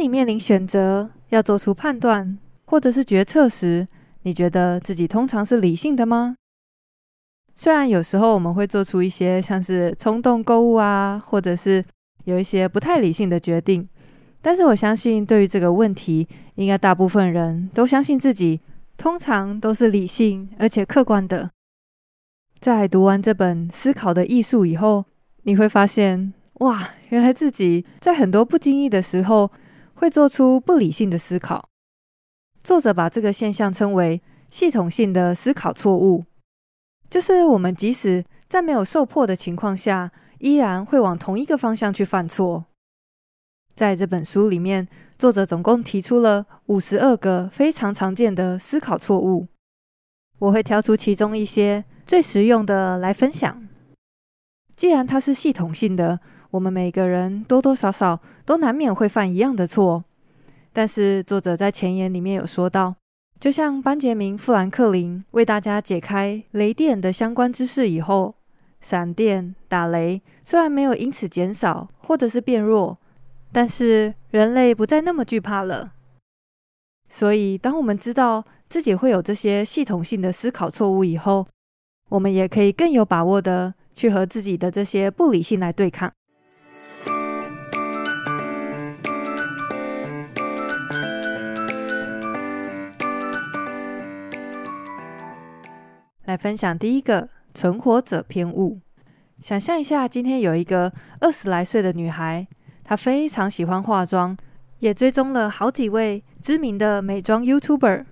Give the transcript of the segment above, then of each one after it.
你面臨選擇，要做出判斷或者是決策時，你覺得自己通常是理性的嗎？雖然有時候我們會做出一些像是衝動購物啊，或者是有一些不太理性的決定，但是我相信，對於這個問題，應該大部分人都相信自己通常都是理性而且客觀的。在讀完這本《思考的藝術》以後，你會發現，哇，原來自己在很多不經意的時候，會做出不理性的思考。作者把這個現象稱為“系統性的思考錯誤”，就是我們即使在沒有受迫的情況下，依然會往同一個方向去犯錯。在這本書裡面，作者總共提出了五十二個非常常見的思考錯誤，我會挑出其中一些最實用的來分享。既然它是系統性的，我們每個人多多少少都難免會犯一樣的錯，但是作者在前言裡面有說到，就像班傑明·富蘭克林為大家解開雷電的相關知識以後，閃電打雷雖然沒有因此減少或者是變弱，但是人類不再那麼懼怕了。所以，當我們知道自己會有這些系統性的思考錯誤以後，我們也可以更有把握的去和自己的這些不理性來對抗。來分享第一個存活者偏誤。想象一下，今天有一個二十來歲的女孩，她非常喜歡化妝，也追蹤了好幾位知名的美妝 YouTuber。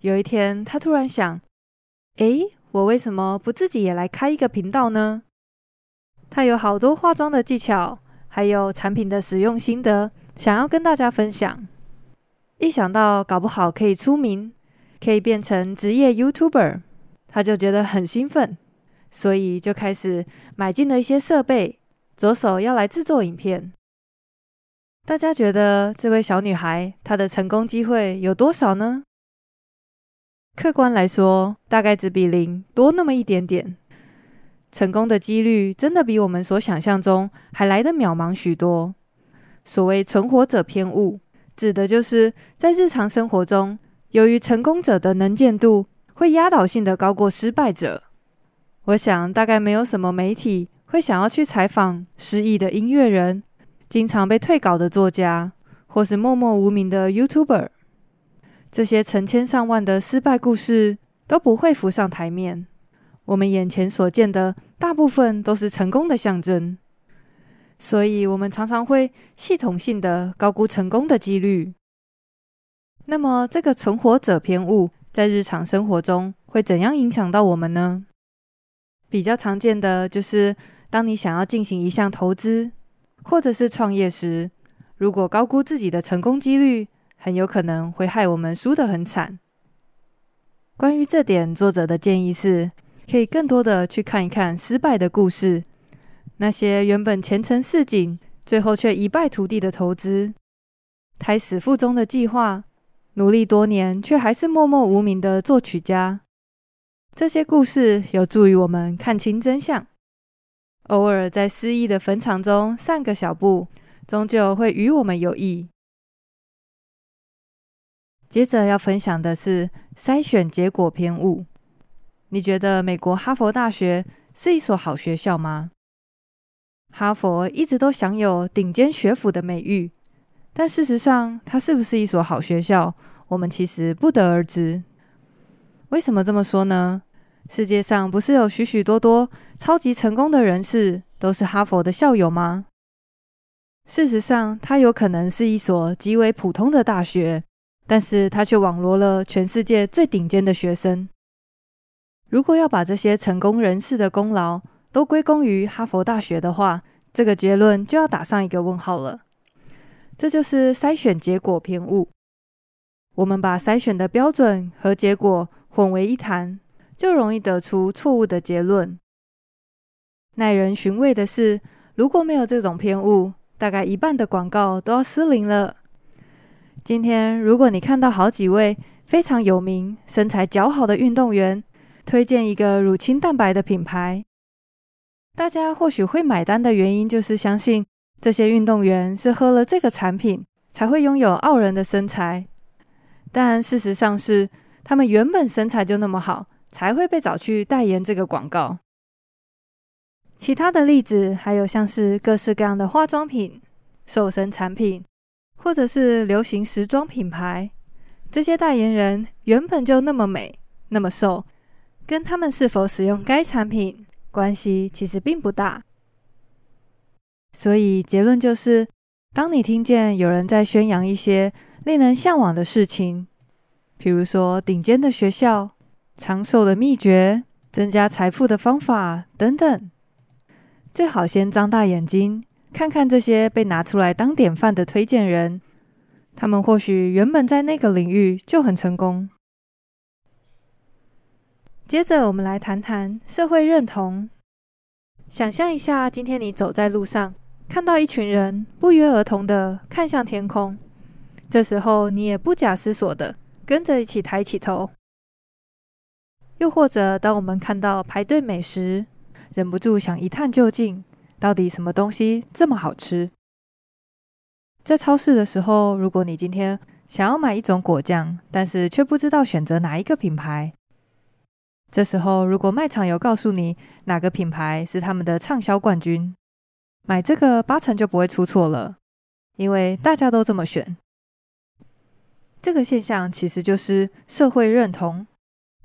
有一天，她突然想：“誒，我為什麼不自己也來開一個頻道呢？”她有好多化妝的技巧，還有產品的使用心得，想要跟大家分享。一想到搞不好可以出名，可以變成職業 YouTuber。他就覺得很興奮，所以就開始買進了一些設備，着手要來制作影片。大家覺得這位小女孩她的成功機會有多少呢？客觀來說，大概只比零多那麼一點點，成功的幾率真的比我們所想象中還來得渺茫許多。所謂“存活者偏誤”，指的就是在日常生活中，由於成功者的能見度，會壓倒性的高過失敗者。我想，大概沒有什麼媒體會想要去採訪失意的音樂人、經常被退稿的作家，或是默默無名的 YouTuber。這些成千上萬的失敗故事都不會浮上台面。我們眼前所見的大部分都是成功的象徵，所以我們常常會系統性的高估成功的幾率。那麼，這個存活者偏誤在日常生活中會怎樣影響到我們呢？比較常見的就是，當你想要進行一項投資或者是創業時，如果高估自己的成功幾率，很有可能會害我們輸得很慘。關於這點，作者的建議是，可以更多的去看一看失敗的故事，那些原本前程似錦，最後卻一敗塗地的投資，胎死腹中的計劃。努力多年，卻還是默默無名的作曲家，這些故事有助於我們看清真相。偶爾在失意的墳場中散個小步，終究會與我們有益。接着要分享的是篩選結果偏誤。你覺得美國哈佛大學是一所好學校嗎？哈佛一直都享有頂尖學府的美譽，但事實上，它是不是一所好學校？我們其實不得而知。為什麼這麼說呢？世界上不是有許許多多超級成功的人士都是哈佛的校友嗎？事實上，它有可能是一所極為普通的大學，但是它卻網羅了全世界最頂尖的學生。如果要把這些成功人士的功勞都歸功於哈佛大學的話，這個結論就要打上一個問號了。這就是篩選結果偏誤。我們把篩選的標準和結果混為一談，就容易得出錯誤的結論。耐人尋味的是，如果沒有這種偏誤，大概一半的廣告都要失靈了。今天，如果你看到好幾位非常有名、身材姣好的運動員推薦一個乳清蛋白的品牌，大家或許會買單的原因，就是相信這些運動員是喝了這個產品才會擁有傲人的身材。但事實上是，他們原本身材就那麼好，才會被找去代言這個廣告。其他的例子還有像是各式各樣的化妝品、瘦身產品，或者是流行時裝品牌，這些代言人原本就那麼美、那麼瘦，跟他們是否使用該產品關係其實並不大。所以結論就是，當你聽見有人在宣揚一些，令人嚮往的事情，譬如說頂尖的學校、長壽的祕訣、增加財富的方法等等。最好先張大眼睛，看看這些被拿出來當典範的推薦人，他們或許原本在那個領域就很成功。接着，我們來談談社會認同。想象一下，今天你走在路上，看到一群人不約而同地看向天空。這時候，你也不假思索的跟着一起抬起頭。又或者，當我們看到排隊美食，忍不住想一探究竟，到底什麼東西這麼好吃？在超市的時候，如果你今天想要買一種果醬，但是卻不知道選擇哪一個品牌，這時候，如果賣場有告訴你哪個品牌是他們的暢銷冠軍，買這個八成就不會出錯了，因為大家都這麼選。這個現象其實就是社會認同，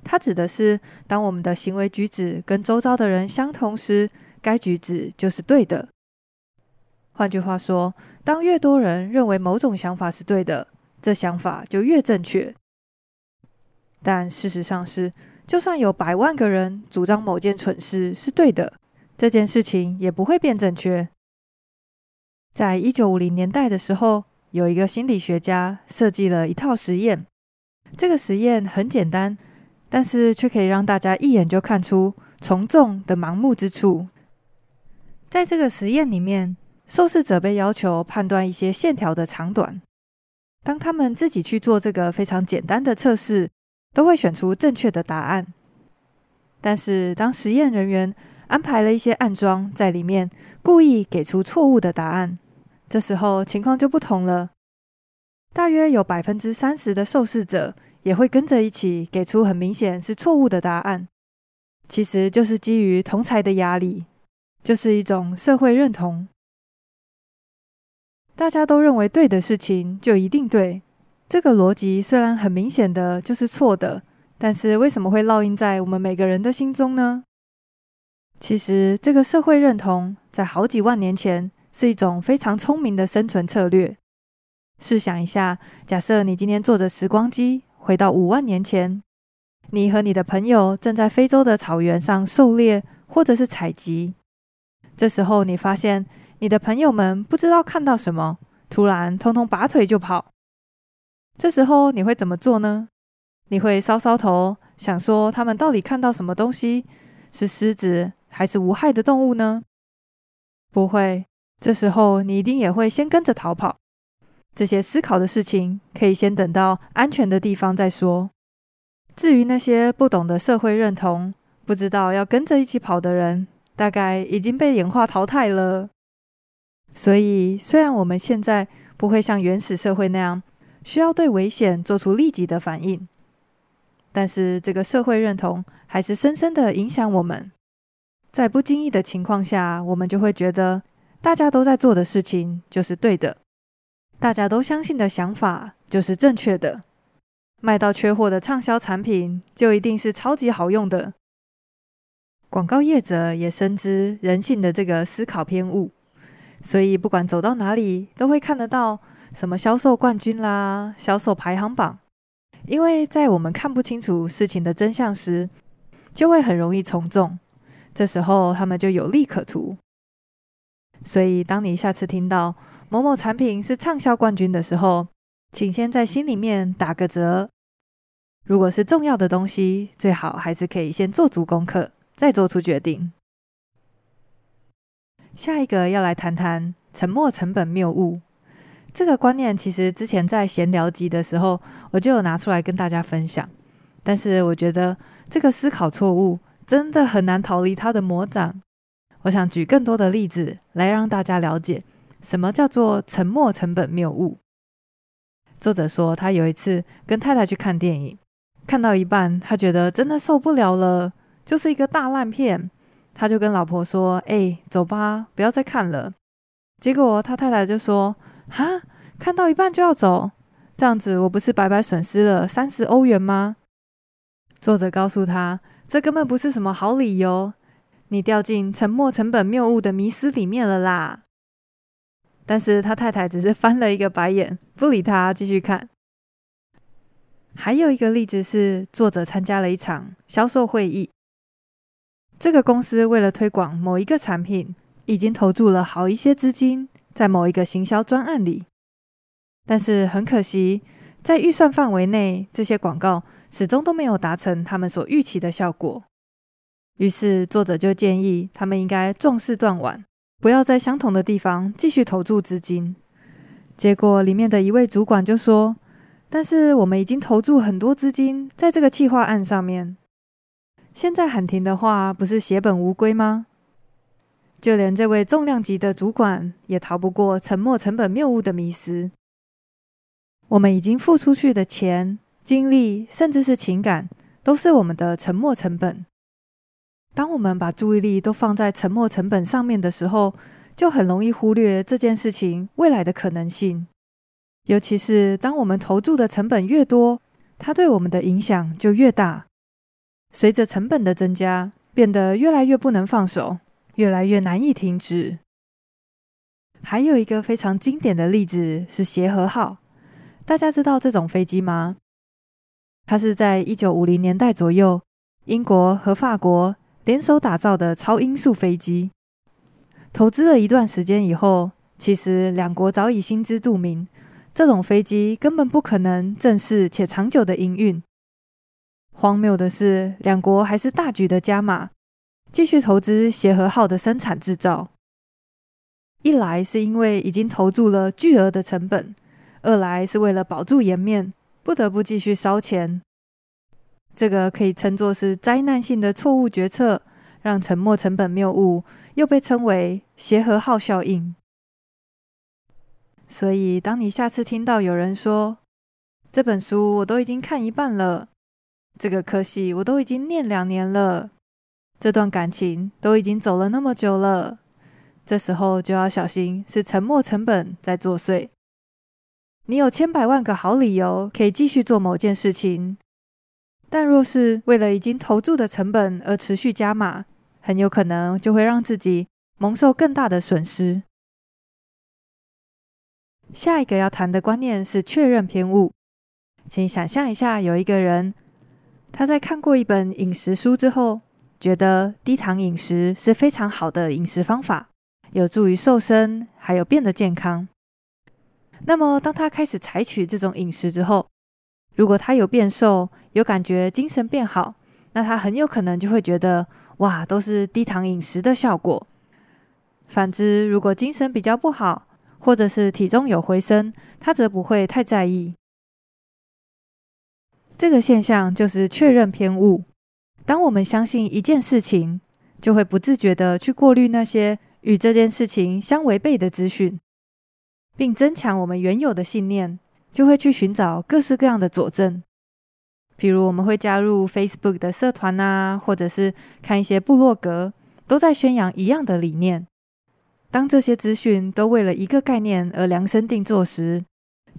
它指的是當我們的行為舉止跟周遭的人相同時，該舉止就是對的。換句話說，當越多人認為某種想法是對的，這想法就越正確。但事實上是，就算有百萬個人主張某件蠢事是對的，這件事情也不會變正確。在一九五零年代的時候。有一個心理學家設計了一套實驗，這個實驗很簡單，但是卻可以讓大家一眼就看出從眾的盲目之處。在這個實驗裡面，受試者被要求判斷一些線條的長短。當他們自己去做這個非常簡單的測試，都會選出正確的答案。但是當實驗人員安排了一些暗樁在裡面，故意給出錯誤的答案。這時候情況就不同了，大約有百分之三十的受試者也會跟着一起給出很明顯是錯誤的答案，其實就是基於同儕的壓力，就是一種社會認同。大家都認為對的事情就一定對，這個邏輯雖然很明顯的就是錯的，但是為什麼會烙印在我們每個人的心中呢？其實這個社會認同在好幾萬年前。是一種非常聰明的生存策略。試想一下，假設你今天坐着時光機回到五萬年前，你和你的朋友正在非洲的草原上狩獵或者是採集。這時候，你發現你的朋友們不知道看到什麼，突然通通拔腿就跑。這時候你會怎麼做呢？你會搔搔頭，想說他們到底看到什麼東西？是獅子還是無害的動物呢？不會。這時候，你一定也會先跟着逃跑。這些思考的事情，可以先等到安全的地方再說。至於那些不懂得社會認同、不知道要跟着一起跑的人，大概已經被演化淘汰了。所以，雖然我們現在不會像原始社會那樣需要對危險做出立即的反應，但是這個社會認同還是深深的影響我們。在不經意的情況下，我們就會覺得，大家都在做的事情就是對的，大家都相信的想法就是正確的，賣到缺貨的暢銷產品就一定是超級好用的。廣告業者也深知人性的這個思考偏誤，所以不管走到哪裡都會看得到什麼銷售冠軍啦、銷售排行榜。因為在我們看不清楚事情的真相時，就會很容易從眾，這時候他們就有利可圖。所以，當你下次聽到某某產品是暢銷冠軍的時候，請先在心裡面打個折。如果是重要的東西，最好還是可以先做足功課，再做出決定。下一個要來談談“沉沒成本謬誤”這個觀念。其實之前在閒聊集的時候，我就有拿出來跟大家分享。但是，我覺得這個思考錯誤真的很難逃離它的魔掌。我想舉更多的例子來讓大家了解什麼叫做沉沒成本謬誤。作者說，他有一次跟太太去看電影，看到一半，他覺得真的受不了了，就是一個大爛片。他就跟老婆說：“哎、欸，走吧，不要再看了。”結果他太太就說：“哈，看到一半就要走，這樣子我不是白白損失了三十歐元嗎？”作者告訴他，這根本不是什麼好理由。你掉進沉沒成本謬誤的迷思裡面了啦！但是他太太只是翻了一個白眼，不理他，繼續看。還有一個例子是，作者參加了一場銷售會議。這個公司為了推廣某一個產品，已經投注了好一些資金在某一個行銷專案裡，但是很可惜，在預算範圍內，這些廣告始終都沒有達成他們所預期的效果。於是，作者就建議他們應該壯士斷腕，不要在相同的地方繼續投注資金。結果，裡面的一位主管就說：“但是我們已經投注很多資金在這個企劃案上面，現在喊停的話，不是血本無歸嗎？”就連這位重量級的主管也逃不過沉沒成本謬誤的迷思。我們已經付出去的錢、精力，甚至是情感，都是我們的沉沒成本。當我們把注意力都放在沉沒成本上面的時候，就很容易忽略這件事情未來的可能性。尤其是當我們投注的成本越多，它對我們的影響就越大。隨着成本的增加，變得越來越不能放手，越來越難以停止。還有一個非常經典的例子是協和號，大家知道這種飛機嗎？它是在一九五零年代左右，英國和法國。聯手打造的超音速飛機，投資了一段時間以後，其實兩國早已心知肚明，這種飛機根本不可能正式且長久的營運。荒謬的是，兩國還是大舉的加碼，繼續投資協和號的生產製造。一來是因為已經投注了巨額的成本，二來是為了保住顏面，不得不繼續燒錢。這個可以稱作是災難性的錯誤決策，讓沉沒成本謬誤又被稱為“協和號效應”。所以，當你下次聽到有人說：“這本書我都已經看一半了，這個科系我都已經念兩年了，這段感情都已經走了那麼久了”，這時候就要小心，是沉沒成本在作祟。你有千百萬個好理由可以繼續做某件事情。但若是為了已經投注的成本而持續加碼，很有可能就會讓自己蒙受更大的損失。下一個要談的觀念是確認偏誤。請想象一下，有一個人他在看過一本飲食書之後，覺得低糖飲食是非常好的飲食方法，有助於瘦身，還有變得健康。那麼，當他開始採取這種飲食之後，如果他有變瘦，有感覺精神變好，那他很有可能就會覺得哇，都是低糖飲食的效果。反之，如果精神比較不好，或者是體重有回升，他則不會太在意。這個現象就是確認偏誤。當我們相信一件事情，就會不自覺地去過濾那些與這件事情相違背的資訊，並增強我們原有的信念。就會去尋找各式各樣的佐證，比如我們會加入 Facebook 的社團啊，或者是看一些部落格，都在宣揚一樣的理念。當這些資訊都為了一個概念而量身定做時，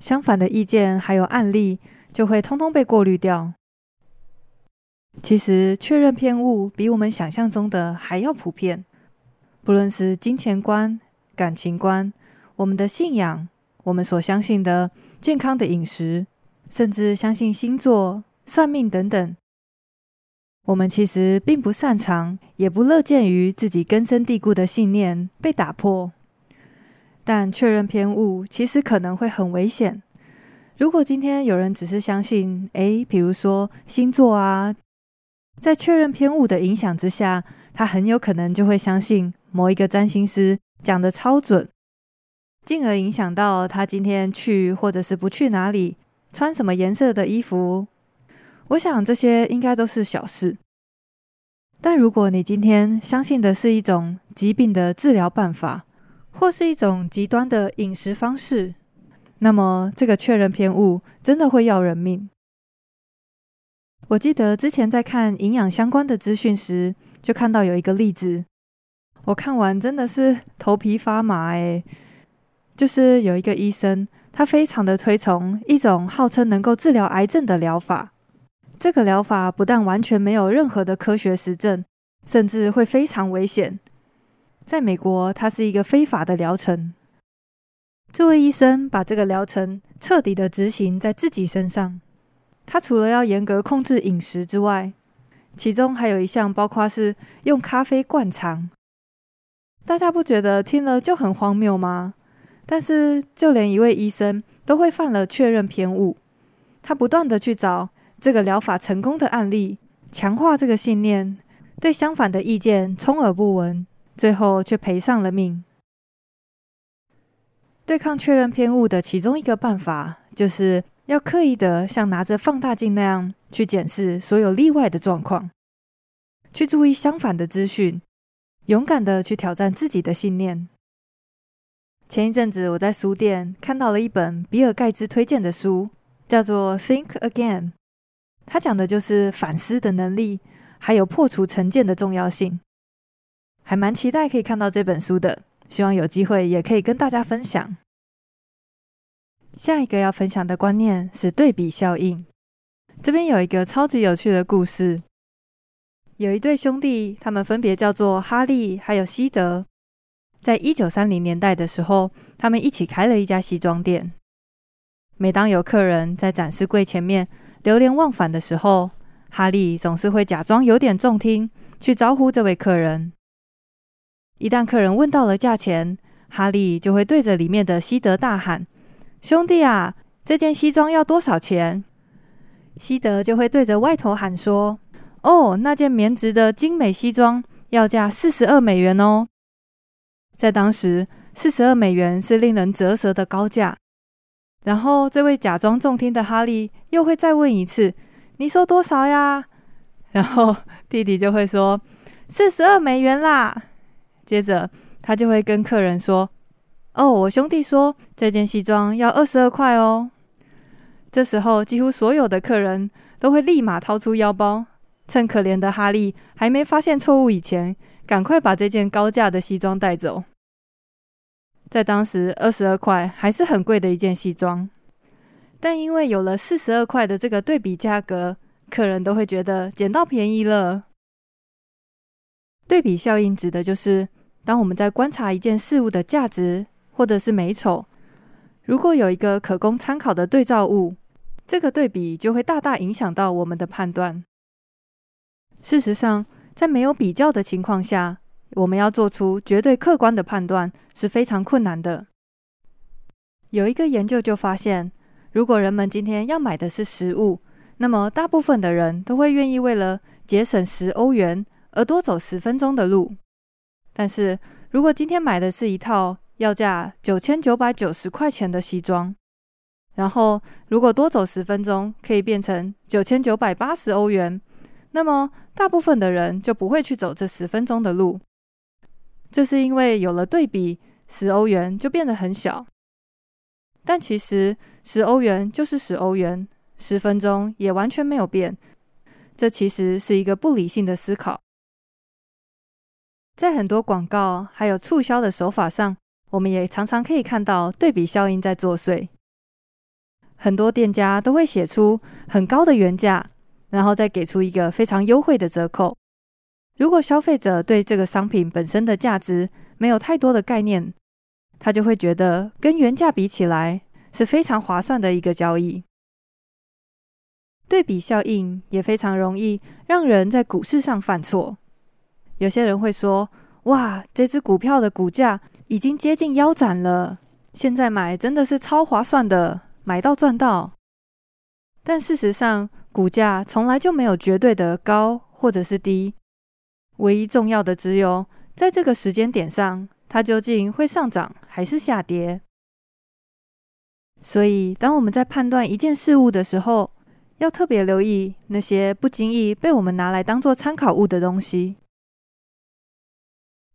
相反的意見還有案例就會通通被過濾掉。其實確認偏誤比我們想象中的還要普遍，不論是金錢觀、感情觀、我們的信仰。我們所相信的健康的飲食，甚至相信星座、算命等等，我們其實並不擅長，也不樂見於自己根深蒂固的信念被打破。但確認偏誤其實可能會很危險。如果今天有人只是相信，誒，比如說星座啊，在確認偏誤的影響之下，他很有可能就會相信某一個占星師講的超準。進而影響到他今天去或者是不去哪裡，穿什麼顏色的衣服。我想這些應該都是小事。但如果你今天相信的是一種疾病的治療辦法，或是一種極端的飲食方式，那麼這個確認偏誤真的會要人命。我記得之前在看營養相關的資訊時，就看到有一個例子，我看完真的是頭皮發麻哎、欸。就是有一個醫生，他非常的推崇一種號稱能夠治療癌症的療法。這個療法不但完全沒有任何的科學實證，甚至會非常危險。在美國，它是一個非法的療程。這位醫生把這個療程徹底的執行在自己身上。他除了要嚴格控制飲食之外，其中還有一項包括是用咖啡灌腸。大家不覺得聽了就很荒謬嗎？但是，就連一位醫生都會犯了確認偏誤。他不斷的去找這個療法成功的案例，強化這個信念，對相反的意見充耳不聞，最後卻賠上了命。對抗確認偏誤的其中一個辦法，就是要刻意的像拿着放大鏡那樣去檢視所有例外的狀況，去注意相反的資訊，勇敢的去挑戰自己的信念。前一陣子，我在書店看到了一本比爾蓋茨推薦的書，叫做《Think Again》。它講的就是反思的能力，還有破除成見的重要性。還蠻期待可以看到這本書的，希望有機會也可以跟大家分享。下一個要分享的觀念是對比效應。這邊有一個超級有趣的故事，有一對兄弟，他們分別叫做哈利還有希德。在一九三零年代的時候，他們一起開了一家西裝店。每當有客人在展示櫃前面流連忘返的時候，哈利總是會假裝有點重聽去招呼這位客人。一旦客人問到了價錢，哈利就會對着裡面的西德大喊：“兄弟啊，這件西裝要多少錢？”西德就會對着外頭喊說：“哦，那件棉質的精美西裝要價四十二美元哦。”在當時，四十二美元是令人咋舌的高價。然後，這位假裝重聽的哈利又會再問一次：“你說多少呀？”然後弟弟就會說：“四十二美元啦。”接着，他就會跟客人說：“哦，我兄弟說這件西裝要二十二塊哦。”這時候，幾乎所有的客人都會立馬掏出腰包，趁可憐的哈利還沒發現錯誤以前。趕快把這件高價的西裝帶走。在當時，二十二塊還是很貴的一件西裝，但因為有了四十二塊的這個對比價格，客人都會覺得撿到便宜了。對比效應指的就是，當我們在觀察一件事物的價值或者是美醜，如果有一個可供參考的對照物，這個對比就會大大影響到我們的判斷。事實上。在沒有比較的情況下，我們要做出絕對客觀的判斷是非常困難的。有一個研究就發現，如果人們今天要買的是食物，那麼大部分的人都會願意為了節省十歐元而多走十分鐘的路。但是如果今天買的是一套要價九千九百九十塊錢的西裝，然後如果多走十分鐘可以變成九千九百八十歐元。那麼，大部分的人就不會去走這十分鐘的路，這是因為有了對比，十歐元就變得很小。但其實十歐元就是十歐元，十分鐘也完全沒有變。這其實是一個不理性的思考。在很多廣告還有促銷的手法上，我們也常常可以看到對比效應在作祟。很多店家都會寫出很高的原價。然後再給出一個非常優惠的折扣。如果消費者對這個商品本身的價值沒有太多的概念，他就會覺得跟原價比起來是非常划算的一個交易。對比效應也非常容易讓人在股市上犯錯。有些人會說：“哇，這只股票的股價已經接近腰斬了，現在買真的是超划算的，買到賺到。”但事實上，股價從來就沒有絕對的高或者是低，唯一重要的只有在這個時間點上，它究竟會上漲還是下跌。所以，當我們在判斷一件事物的時候，要特別留意那些不經意被我們拿來當做參考物的東西。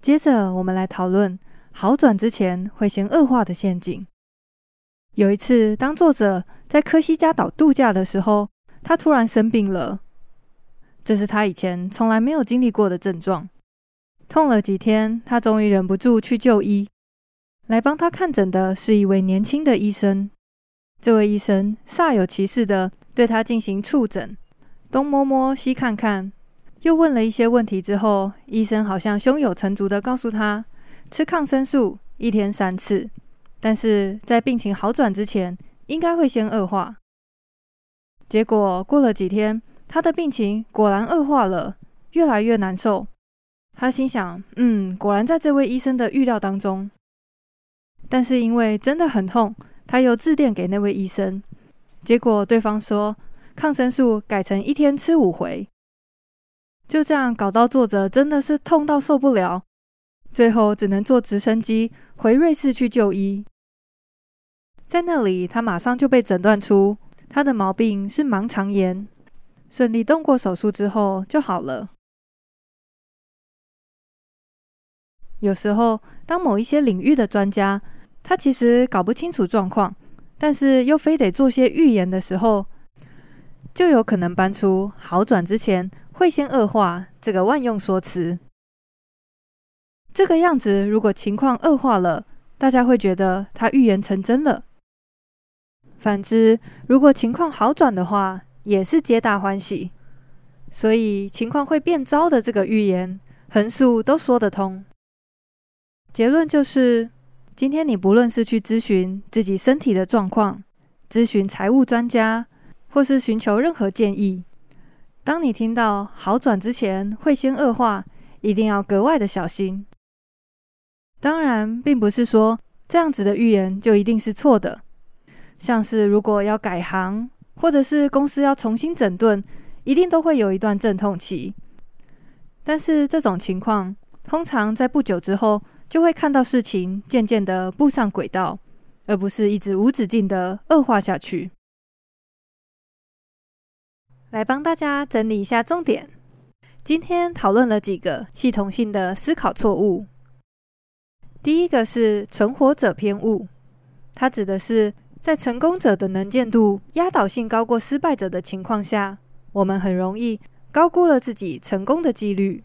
接着，我們來討論好轉之前會先惡化的陷阱。有一次，當作者在科西嘉島度假的時候。他突然生病了，這是他以前從來沒有經歷過的症狀。痛了幾天，他終於忍不住去就醫。來幫他看診的是一位年輕的醫生。這位醫生煞有其事的對他進行觸診，東摸摸西看看，又問了一些問題之後，醫生好像胸有成竹的告訴他：吃抗生素一天三次，但是在病情好轉之前，應該會先惡化。結果過了幾天，他的病情果然惡化了，越來越難受。他心想：“嗯，果然在這位醫生的預料當中。”但是因為真的很痛，他又致電給那位醫生，結果對方說抗生素改成一天吃五回。就這樣搞到作者真的是痛到受不了，最後只能坐直升機回瑞士去就醫。在那裡，他馬上就被診斷出。他的毛病是盲腸炎，順利動過手術之後就好了。有時候，當某一些領域的專家，他其實搞不清楚狀況，但是又非得做些預言的時候，就有可能搬出“好轉之前會先惡化”這個萬用說辭。這個樣子，如果情況惡化了，大家會覺得他預言成真了。反之，如果情況好轉的話，也是皆大歡喜。所以，情況會變糟的這個預言，橫豎都說得通。結論就是：今天你不論是去諮詢自己身體的狀況，諮詢財務專家，或是尋求任何建議，當你聽到好轉之前會先惡化，一定要格外的小心。當然，並不是說這樣子的預言就一定是錯的。像是如果要改行，或者是公司要重新整頓，一定都會有一段陣痛期。但是這種情況通常在不久之後，就會看到事情漸漸的步上軌道，而不是一直無止境的惡化下去。來幫大家整理一下重點。今天討論了幾個系統性的思考錯誤。第一個是存活者偏誤，它指的是。在成功者的能見度壓倒性高過失敗者的情況下，我們很容易高估了自己成功的幾率。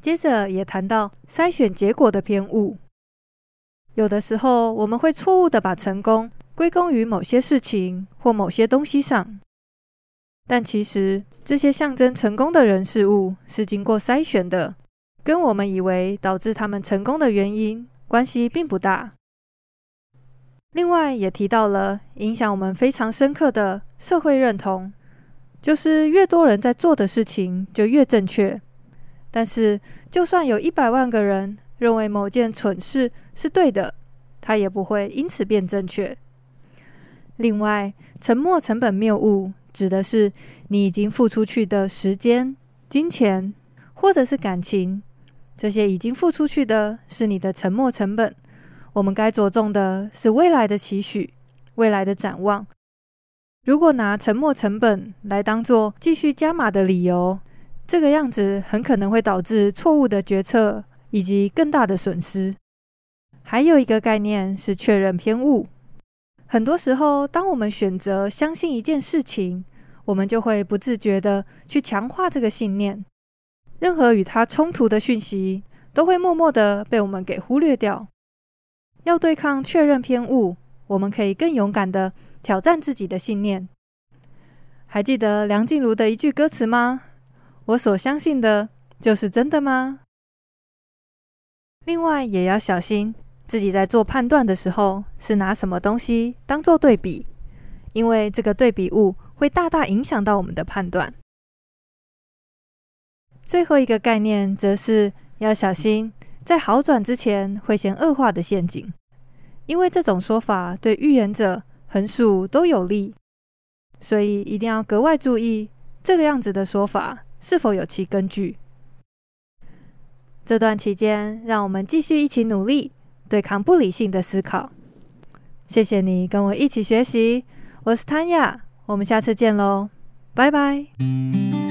接着也談到篩選結果的偏誤，有的時候我們會錯誤地把成功歸功於某些事情或某些東西上，但其實這些象徵成功的人事物是經過篩選的，跟我們以為導致他們成功的原因關係並不大。另外也提到了影響我們非常深刻的社會認同，就是越多人在做的事情就越正確。但是，就算有一百萬個人認為某件蠢事是對的，它也不會因此變正確。另外，沉沒成本謬誤指的是你已經付出去的時間、金錢或者是感情，這些已經付出去的是你的沉沒成本。我們該着重的是未來的期許、未來的展望。如果拿沉沒成本來當作繼續加碼的理由，這個樣子很可能會導致錯誤的決策以及更大的損失。還有一個概念是確認偏誤。很多時候，當我們選擇相信一件事情，我們就會不自覺地去強化這個信念，任何與它衝突的訊息都會默默地被我們給忽略掉。要對抗確認偏誤，我們可以更勇敢的挑戰自己的信念。還記得梁靜茹的一句歌詞嗎？我所相信的，就是真的嗎？另外，也要小心自己在做判斷的時候，是拿什麼東西當做對比，因為這個對比物會大大影響到我們的判斷。最後一個概念，則是要小心。在好轉之前會先惡化的陷阱，因為這種說法對預言者橫豎都有利，所以一定要格外注意這個樣子的說法是否有其根據。這段期間，讓我們繼續一起努力對抗不理性的思考。謝謝你跟我一起學習，我是 Tanya，我們下次見嘍，拜拜。嗯